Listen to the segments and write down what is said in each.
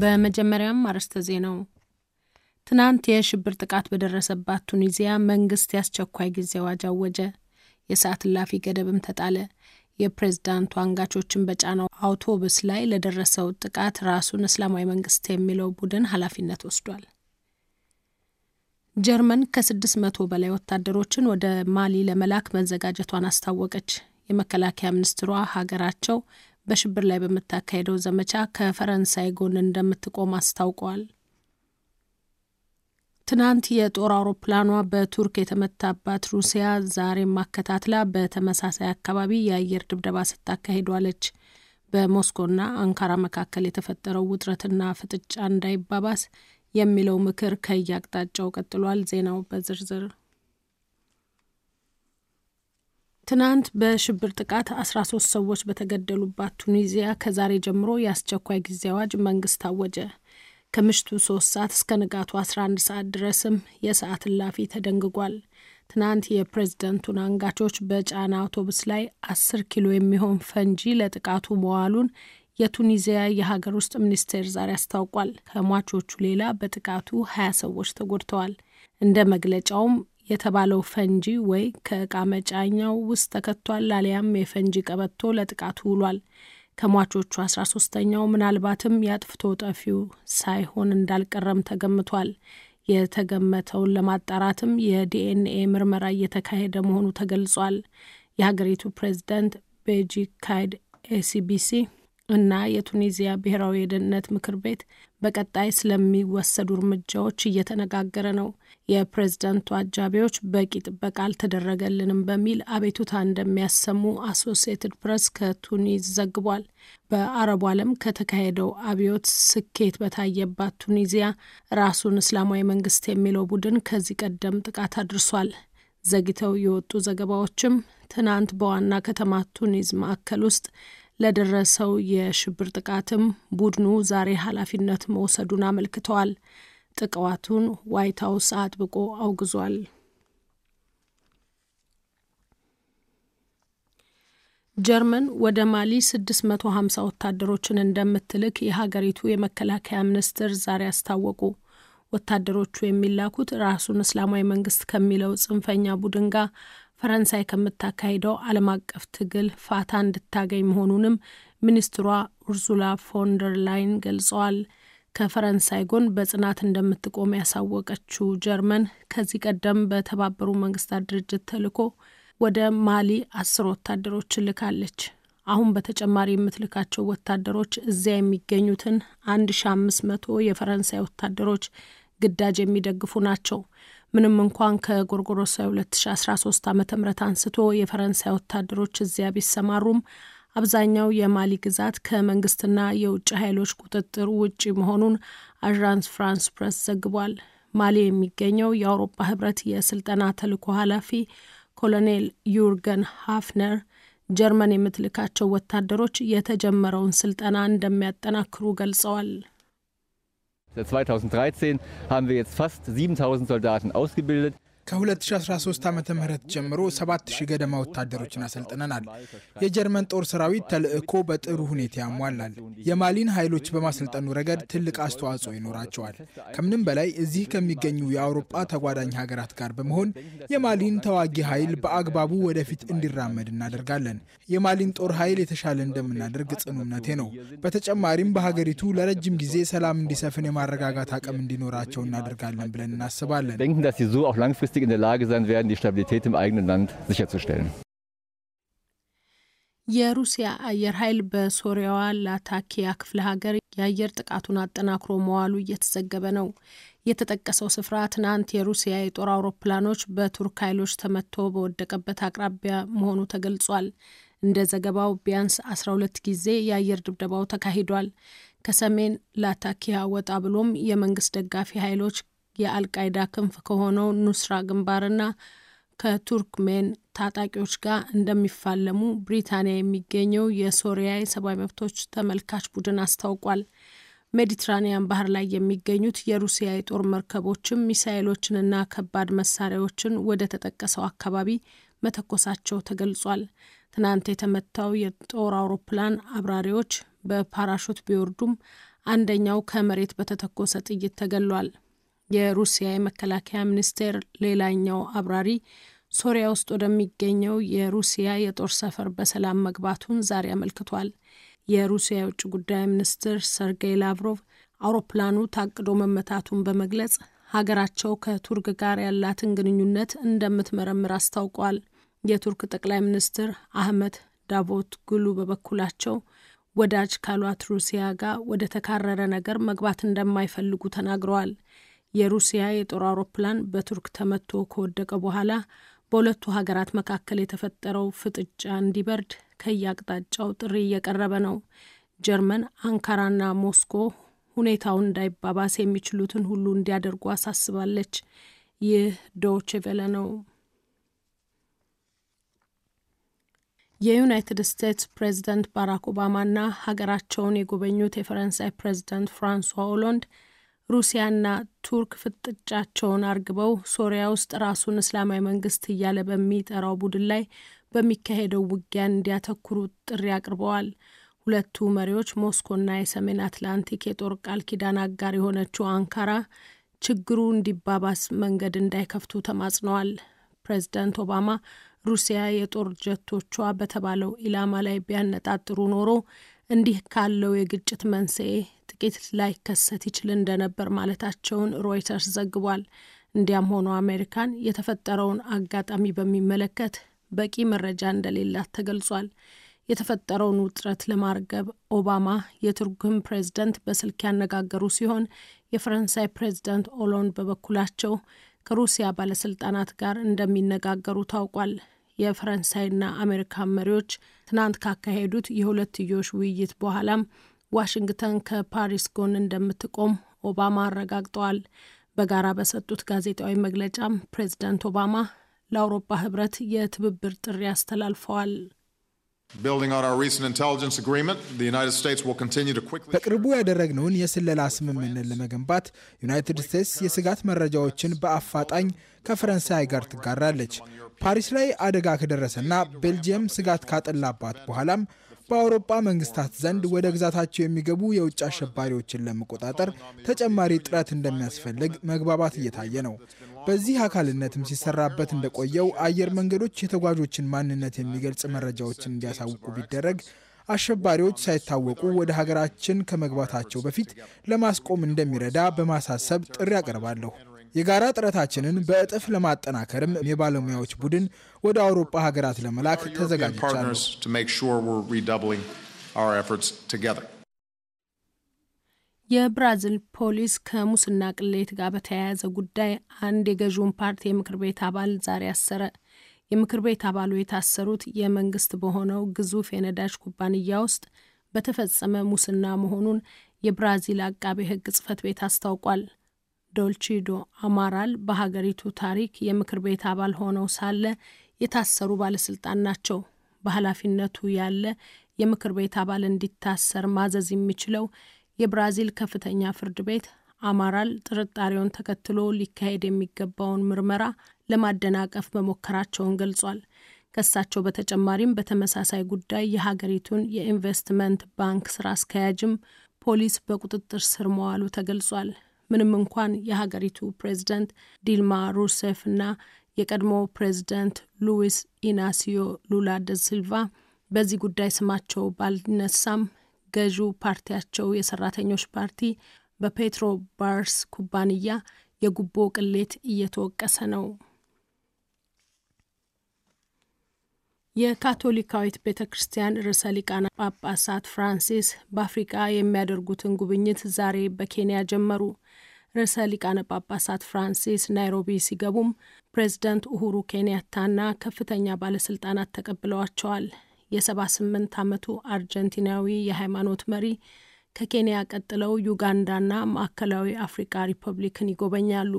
በመጀመሪያም አርዕስተ ዜናው ትናንት የሽብር ጥቃት በደረሰባት ቱኒዚያ መንግስት የአስቸኳይ ጊዜ አዋጅ አወጀ። የሰዓት እላፊ ገደብም ተጣለ። የፕሬዝዳንቱ አንጋቾችን በጫነው አውቶቡስ ላይ ለደረሰው ጥቃት ራሱን እስላማዊ መንግስት የሚለው ቡድን ኃላፊነት ወስዷል። ጀርመን ከስድስት መቶ በላይ ወታደሮችን ወደ ማሊ ለመላክ መዘጋጀቷን አስታወቀች። የመከላከያ ሚኒስትሯ ሀገራቸው በሽብር ላይ በምታካሄደው ዘመቻ ከፈረንሳይ ጎን እንደምትቆም አስታውቋል። ትናንት የጦር አውሮፕላኗ በቱርክ የተመታባት ሩሲያ ዛሬም አከታትላ በተመሳሳይ አካባቢ የአየር ድብደባ ስታካሄዷለች። ዋለች። በሞስኮና አንካራ መካከል የተፈጠረው ውጥረትና ፍጥጫ እንዳይባባስ የሚለው ምክር ከየአቅጣጫው ቀጥሏል። ዜናው በዝርዝር ትናንት በሽብር ጥቃት አስራ ሶስት ሰዎች በተገደሉባት ቱኒዚያ ከዛሬ ጀምሮ የአስቸኳይ ጊዜ አዋጅ መንግስት አወጀ። ከምሽቱ ሶስት ሰዓት እስከ ንጋቱ 11 ሰዓት ድረስም የሰዓት እላፊ ተደንግጓል። ትናንት የፕሬዝደንቱን አንጋቾች በጫና አውቶቡስ ላይ 10 ኪሎ የሚሆን ፈንጂ ለጥቃቱ መዋሉን የቱኒዚያ የሀገር ውስጥ ሚኒስቴር ዛሬ አስታውቋል። ከሟቾቹ ሌላ በጥቃቱ ሀያ ሰዎች ተጎድተዋል። እንደ መግለጫውም የተባለው ፈንጂ ወይ ከእቃ መጫኛው ውስጥ ተከቷል አሊያም የፈንጂ ቀበቶ ለጥቃቱ ውሏል። ከሟቾቹ 13ተኛው ምናልባትም ያጥፍቶ ጠፊው ሳይሆን እንዳልቀረም ተገምቷል። የተገመተውን ለማጣራትም የዲኤንኤ ምርመራ እየተካሄደ መሆኑ ተገልጿል። የሀገሪቱ ፕሬዝዳንት ቤጂ ካይድ ኤሲቢሲ እና የቱኒዚያ ብሔራዊ የደህንነት ምክር ቤት በቀጣይ ስለሚወሰዱ እርምጃዎች እየተነጋገረ ነው። የፕሬዝደንቱ አጃቢዎች በቂ ጥበቃ አልተደረገልንም በሚል አቤቱታ እንደሚያሰሙ አሶሲየትድ ፕሬስ ከቱኒዝ ዘግቧል። በአረቡ ዓለም ከተካሄደው አብዮት ስኬት በታየባት ቱኒዚያ ራሱን እስላማዊ መንግስት የሚለው ቡድን ከዚህ ቀደም ጥቃት አድርሷል። ዘግተው የወጡ ዘገባዎችም ትናንት በዋና ከተማ ቱኒዝ ማዕከል ውስጥ ለደረሰው የሽብር ጥቃትም ቡድኑ ዛሬ ኃላፊነት መውሰዱን አመልክተዋል። ጥቃቱን ዋይት ሀውስ አጥብቆ አውግዟል። ጀርመን ወደ ማሊ 650 ወታደሮችን እንደምትልክ የሀገሪቱ የመከላከያ ሚኒስትር ዛሬ አስታወቁ። ወታደሮቹ የሚላኩት ራሱን እስላማዊ መንግስት ከሚለው ጽንፈኛ ቡድን ጋር ፈረንሳይ ከምታካሂደው ዓለም አቀፍ ትግል ፋታ እንድታገኝ መሆኑንም ሚኒስትሯ ኡርሱላ ፎንደር ላይን ገልጸዋል። ከፈረንሳይ ጎን በጽናት እንደምትቆም ያሳወቀችው ጀርመን ከዚህ ቀደም በተባበሩ መንግስታት ድርጅት ተልኮ ወደ ማሊ አስር ወታደሮች ልካለች። አሁን በተጨማሪ የምትልካቸው ወታደሮች እዚያ የሚገኙትን አንድ ሺ አምስት መቶ የፈረንሳይ ወታደሮች ግዳጅ የሚደግፉ ናቸው። ምንም እንኳን ከጎርጎሮሳዊ 2013 ዓ ም አንስቶ የፈረንሳይ ወታደሮች እዚያ ቢሰማሩም አብዛኛው የማሊ ግዛት ከመንግስትና የውጭ ኃይሎች ቁጥጥር ውጪ መሆኑን አዣንስ ፍራንስ ፕረስ ዘግቧል። ማሊ የሚገኘው የአውሮፓ ህብረት የስልጠና ተልዕኮ ኃላፊ ኮሎኔል ዩርገን ሃፍነር ጀርመን የምትልካቸው ወታደሮች የተጀመረውን ስልጠና እንደሚያጠናክሩ ገልጸዋል። Seit 2013 haben wir jetzt fast 7000 Soldaten ausgebildet. ከ2013 ዓ ም ጀምሮ 7000 ገደማ ወታደሮችን አሰልጥነናል። የጀርመን ጦር ሰራዊት ተልእኮ በጥሩ ሁኔታ ያሟላል። የማሊን ኃይሎች በማሰልጠኑ ረገድ ትልቅ አስተዋጽኦ ይኖራቸዋል። ከምንም በላይ እዚህ ከሚገኙ የአውሮፓ ተጓዳኝ ሀገራት ጋር በመሆን የማሊን ተዋጊ ኃይል በአግባቡ ወደፊት እንዲራመድ እናደርጋለን። የማሊን ጦር ኃይል የተሻለ እንደምናደርግ ጽኑ እምነቴ ነው። በተጨማሪም በሀገሪቱ ለረጅም ጊዜ ሰላም እንዲሰፍን የማረጋጋት አቅም እንዲኖራቸው እናደርጋለን ብለን እናስባለን። langfristig in der Lage sein werden, die Stabilität im eigenen Land sicherzustellen። የሩሲያ አየር ኃይል በሶሪያዋ ላታኪያ ክፍለ ሀገር የአየር ጥቃቱን አጠናክሮ መዋሉ እየተዘገበ ነው። የተጠቀሰው ስፍራ ትናንት የሩሲያ የጦር አውሮፕላኖች በቱርክ ኃይሎች ተመቶ በወደቀበት አቅራቢያ መሆኑ ተገልጿል። እንደ ዘገባው ቢያንስ 12 ጊዜ የአየር ድብደባው ተካሂዷል። ከሰሜን ላታኪያ ወጣ ብሎም የመንግስት ደጋፊ ኃይሎች የአልቃይዳ ክንፍ ከሆነው ኑስራ ግንባርና ከቱርክሜን ታጣቂዎች ጋር እንደሚፋለሙ ብሪታንያ የሚገኘው የሶሪያ የሰብአዊ መብቶች ተመልካች ቡድን አስታውቋል። ሜዲትራኒያን ባህር ላይ የሚገኙት የሩሲያ የጦር መርከቦችም ሚሳኤሎችንና ከባድ መሳሪያዎችን ወደ ተጠቀሰው አካባቢ መተኮሳቸው ተገልጿል። ትናንት የተመታው የጦር አውሮፕላን አብራሪዎች በፓራሹት ቢወርዱም አንደኛው ከመሬት በተተኮሰ ጥይት ተገሏል። የሩሲያ የመከላከያ ሚኒስቴር ሌላኛው አብራሪ ሶሪያ ውስጥ ወደሚገኘው የሩሲያ የጦር ሰፈር በሰላም መግባቱን ዛሬ አመልክቷል። የሩሲያ የውጭ ጉዳይ ሚኒስትር ሰርጌይ ላቭሮቭ አውሮፕላኑ ታቅዶ መመታቱን በመግለጽ ሀገራቸው ከቱርክ ጋር ያላትን ግንኙነት እንደምትመረምር አስታውቋል። የቱርክ ጠቅላይ ሚኒስትር አህመት ዳቮት ጉሉ በበኩላቸው ወዳጅ ካሏት ሩሲያ ጋር ወደ ተካረረ ነገር መግባት እንደማይፈልጉ ተናግረዋል። የሩሲያ የጦር አውሮፕላን በቱርክ ተመቶ ከወደቀ በኋላ በሁለቱ ሀገራት መካከል የተፈጠረው ፍጥጫ እንዲበርድ ከየአቅጣጫው ጥሪ እየቀረበ ነው። ጀርመን፣ አንካራና ሞስኮ ሁኔታውን እንዳይባባስ የሚችሉትን ሁሉ እንዲያደርጉ አሳስባለች። ይህ ዶይቼ ቬለ ነው። የዩናይትድ ስቴትስ ፕሬዚደንት ባራክ ኦባማና ሀገራቸውን የጎበኙት የፈረንሳይ ፕሬዚደንት ፍራንሷ ኦሎንድ ሩሲያና ቱርክ ፍጥጫቸውን አርግበው ሶሪያ ውስጥ ራሱን እስላማዊ መንግስት እያለ በሚጠራው ቡድን ላይ በሚካሄደው ውጊያ እንዲያተኩሩ ጥሪ አቅርበዋል። ሁለቱ መሪዎች ሞስኮና የሰሜን አትላንቲክ የጦር ቃል ኪዳን አጋር የሆነችው አንካራ ችግሩ እንዲባባስ መንገድ እንዳይከፍቱ ተማጽነዋል። ፕሬዝዳንት ኦባማ ሩሲያ የጦር ጀቶቿ በተባለው ኢላማ ላይ ቢያነጣጥሩ ኖሮ እንዲህ ካለው የግጭት መንስኤ ጥቂት ላይከሰት ይችል እንደነበር ማለታቸውን ሮይተርስ ዘግቧል። እንዲያም ሆኖ አሜሪካን የተፈጠረውን አጋጣሚ በሚመለከት በቂ መረጃ እንደሌላት ተገልጿል። የተፈጠረውን ውጥረት ለማርገብ ኦባማ የቱርክን ፕሬዝደንት በስልክ ያነጋገሩ ሲሆን የፈረንሳይ ፕሬዝደንት ኦሎንድ በበኩላቸው ከሩሲያ ባለስልጣናት ጋር እንደሚነጋገሩ ታውቋል። የፈረንሳይና አሜሪካን መሪዎች ትናንት ካካሄዱት የሁለትዮሽ ውይይት በኋላም ዋሽንግተን ከፓሪስ ጎን እንደምትቆም ኦባማ አረጋግጠዋል። በጋራ በሰጡት ጋዜጣዊ መግለጫም ፕሬዝዳንት ኦባማ ለአውሮፓ ህብረት የትብብር ጥሪ አስተላልፈዋል። በቅርቡ ያደረግነውን የስለላ ስምምነት ለመገንባት ዩናይትድ ስቴትስ የስጋት መረጃዎችን በአፋጣኝ ከፈረንሳይ ጋር ትጋራለች። ፓሪስ ላይ አደጋ ከደረሰና ቤልጅየም ስጋት ካጠላባት በኋላም በአውሮፓ መንግስታት ዘንድ ወደ ግዛታቸው የሚገቡ የውጭ አሸባሪዎችን ለመቆጣጠር ተጨማሪ ጥረት እንደሚያስፈልግ መግባባት እየታየ ነው። በዚህ አካልነትም ሲሰራበት እንደቆየው አየር መንገዶች የተጓዦችን ማንነት የሚገልጽ መረጃዎችን እንዲያሳውቁ ቢደረግ አሸባሪዎች ሳይታወቁ ወደ ሀገራችን ከመግባታቸው በፊት ለማስቆም እንደሚረዳ በማሳሰብ ጥሪ አቀርባለሁ። የጋራ ጥረታችንን በእጥፍ ለማጠናከርም የባለሙያዎች ቡድን ወደ አውሮፓ ሀገራት ለመላክ ተዘጋጅቻለሁ። የብራዚል ፖሊስ ከሙስና ቅሌት ጋር በተያያዘ ጉዳይ አንድ የገዢውን ፓርቲ የምክር ቤት አባል ዛሬ አሰረ። የምክር ቤት አባሉ የታሰሩት የመንግስት በሆነው ግዙፍ የነዳጅ ኩባንያ ውስጥ በተፈጸመ ሙስና መሆኑን የብራዚል አቃቤ ሕግ ጽፈት ቤት አስታውቋል። ዶልቺዶ አማራል በሀገሪቱ ታሪክ የምክር ቤት አባል ሆነው ሳለ የታሰሩ ባለስልጣን ናቸው። በኃላፊነቱ ያለ የምክር ቤት አባል እንዲታሰር ማዘዝ የሚችለው የብራዚል ከፍተኛ ፍርድ ቤት አማራል ጥርጣሬውን ተከትሎ ሊካሄድ የሚገባውን ምርመራ ለማደናቀፍ መሞከራቸውን ገልጿል። ከሳቸው በተጨማሪም በተመሳሳይ ጉዳይ የሀገሪቱን የኢንቨስትመንት ባንክ ስራ አስኪያጅም ፖሊስ በቁጥጥር ስር መዋሉ ተገልጿል። ምንም እንኳን የሀገሪቱ ፕሬዚደንት ዲልማ ሩሴፍ እና የቀድሞ ፕሬዚደንት ሉዊስ ኢናሲዮ ሉላ ደ ሲልቫ በዚህ ጉዳይ ስማቸው ባልነሳም ገዢው ፓርቲያቸው የሰራተኞች ፓርቲ በፔትሮ ባርስ ኩባንያ የጉቦ ቅሌት እየተወቀሰ ነው። የካቶሊካዊት ቤተ ክርስቲያን ርዕሰ ሊቃነ ጳጳሳት ፍራንሲስ በአፍሪቃ የሚያደርጉትን ጉብኝት ዛሬ በኬንያ ጀመሩ። ርዕሰ ሊቃነ ጳጳሳት ፍራንሲስ ናይሮቢ ሲገቡም ፕሬዝደንት ኡሁሩ ኬንያታና ከፍተኛ ባለስልጣናት ተቀብለዋቸዋል የሰባ ስምንት ዓመቱ አርጀንቲናዊ የሃይማኖት መሪ ከኬንያ ቀጥለው ዩጋንዳና ማዕከላዊ አፍሪካ ሪፐብሊክን ይጎበኛሉ።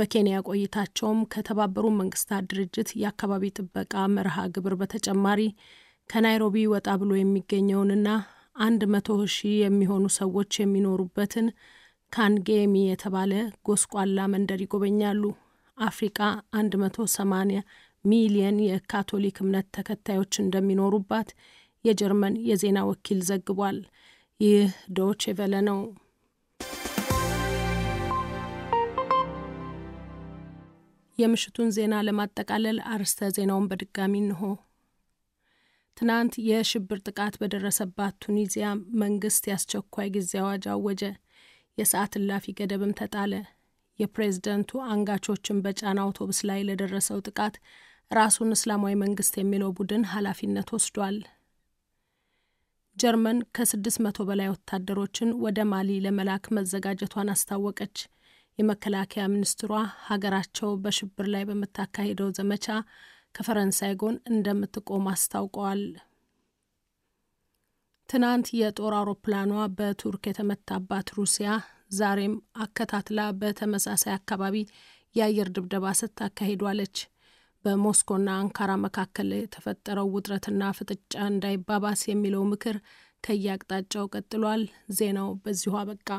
በኬንያ ቆይታቸውም ከተባበሩ መንግስታት ድርጅት የአካባቢ ጥበቃ መርሃ ግብር በተጨማሪ ከናይሮቢ ወጣ ብሎ የሚገኘውንና አንድ መቶ ሺህ የሚሆኑ ሰዎች የሚኖሩበትን ካንጌሚ የተባለ ጎስቋላ መንደር ይጎበኛሉ። አፍሪቃ 180 ሚሊየን የካቶሊክ እምነት ተከታዮች እንደሚኖሩባት የጀርመን የዜና ወኪል ዘግቧል። ይህ ዶቼ ቬለ ነው። የምሽቱን ዜና ለማጠቃለል አርስተ ዜናውን በድጋሚ እንሆ። ትናንት የሽብር ጥቃት በደረሰባት ቱኒዚያ መንግስት የአስቸኳይ ጊዜ አዋጅ አወጀ። የሰዓት እላፊ ገደብም ተጣለ። የፕሬዝደንቱ አንጋቾችን በጫና አውቶቡስ ላይ ለደረሰው ጥቃት ራሱን እስላማዊ መንግስት የሚለው ቡድን ኃላፊነት ወስዷል። ጀርመን ከስድስት መቶ በላይ ወታደሮችን ወደ ማሊ ለመላክ መዘጋጀቷን አስታወቀች። የመከላከያ ሚኒስትሯ ሀገራቸው በሽብር ላይ በምታካሄደው ዘመቻ ከፈረንሳይ ጎን እንደምትቆም አስታውቀዋል። ትናንት የጦር አውሮፕላኗ በቱርክ የተመታባት ሩሲያ ዛሬም አከታትላ በተመሳሳይ አካባቢ የአየር ድብደባ ስታካሂዷለች። በሞስኮና አንካራ መካከል የተፈጠረው ውጥረትና ፍጥጫ እንዳይባባስ የሚለው ምክር ከየአቅጣጫው ቀጥሏል። ዜናው በዚሁ አበቃ።